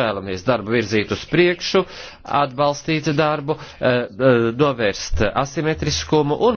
vēlamies darbu virzīt uz priekšu, atbalstīt darbu, eh, eh, novērst asimetriskumu un